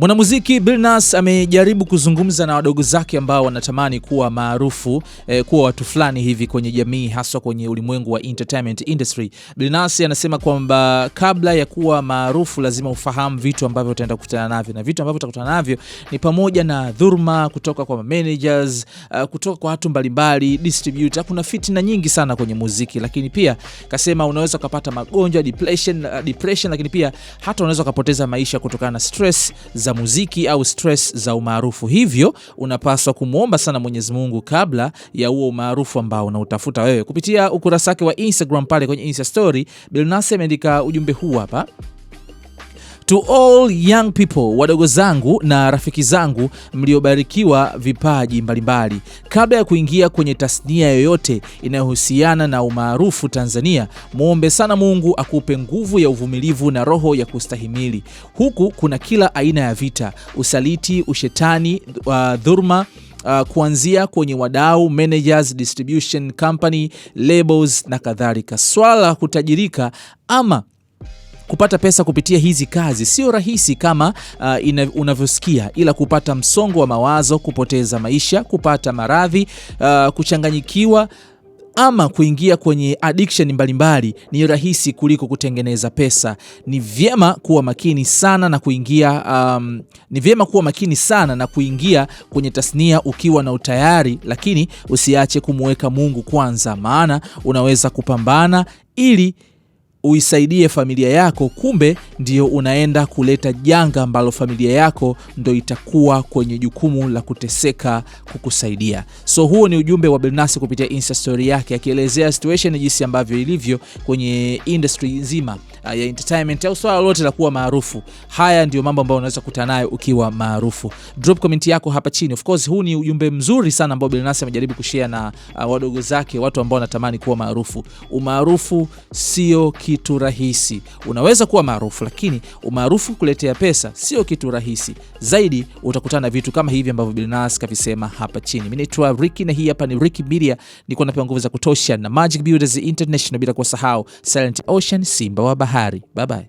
Mwanamuziki Billnass amejaribu kuzungumza na wadogo zake ambao wanatamani kuwa maarufu eh, kuwa watu fulani hivi kwenye jamii haswa kwenye ulimwengu wa entertainment industry. Billnass anasema kwamba kabla ya kuwa maarufu lazima ufahamu vitu ambavyo utaenda kukutana navyo, na vitu ambavyo utakutana navyo ni pamoja na dhurma kutoka kwa managers, uh, kutoka kwa watu mbalimbali, distributor. Kuna fitina nyingi sana kwenye muziki, lakini pia kasema unaweza ukapata magonjwa depression, uh, depression, lakini pia hata unaweza ukapoteza maisha kutokana na stress za muziki au stress za umaarufu, hivyo unapaswa kumwomba sana Mwenyezi Mungu kabla ya huo umaarufu ambao unautafuta wewe. Kupitia ukurasa wake wa Instagram pale kwenye Insta story, Billnass ameandika ujumbe huu hapa. To all young people, wadogo zangu na rafiki zangu mliobarikiwa vipaji mbalimbali, kabla ya kuingia kwenye tasnia yoyote inayohusiana na umaarufu Tanzania, muombe sana Mungu akupe nguvu ya uvumilivu na roho ya kustahimili. Huku kuna kila aina ya vita, usaliti, ushetani, uh, dhurma Uh, kuanzia kwenye wadau managers, distribution company, labels na kadhalika. Swala la kutajirika ama Kupata pesa kupitia hizi kazi sio rahisi kama uh, unavyosikia, ila kupata msongo wa mawazo, kupoteza maisha, kupata maradhi, uh, kuchanganyikiwa ama kuingia kwenye addiction mbalimbali ni rahisi kuliko kutengeneza pesa. Ni vyema kuwa makini sana na kuingia um, ni vyema kuwa makini sana na kuingia kwenye tasnia ukiwa na utayari, lakini usiache kumweka Mungu kwanza, maana unaweza kupambana ili uisaidie familia yako, kumbe ndio unaenda kuleta janga ambalo familia yako ndo itakuwa kwenye jukumu la kuteseka kukusaidia. So huo ni ujumbe wa Billnass kupitia Insta story yake akielezea situation jinsi ambavyo ilivyo kwenye industry nzima. Uh, ya entertainment au swala lolote la kuwa maarufu. Haya ndio mambo ambayo unaweza kukuta nayo ukiwa maarufu. Drop comment yako hapa chini. Of course, huu ni ujumbe mzuri sana ambao Billnass amejaribu kushare na uh, wadogo zake, watu ambao wanatamani kuwa maarufu. Umaarufu sio kitu rahisi. Unaweza kuwa maarufu, lakini umaarufu kuletea pesa sio kitu rahisi. Zaidi utakutana na vitu kama hivi ambavyo Billnass kavisema hapa chini. Mimi naitwa Ricky na hii hapa ni Ricky Media. Niko napewa nguvu za kutosha na Magic Builders International bila kusahau Silent Ocean, Simba wa Bahari. Bye bye.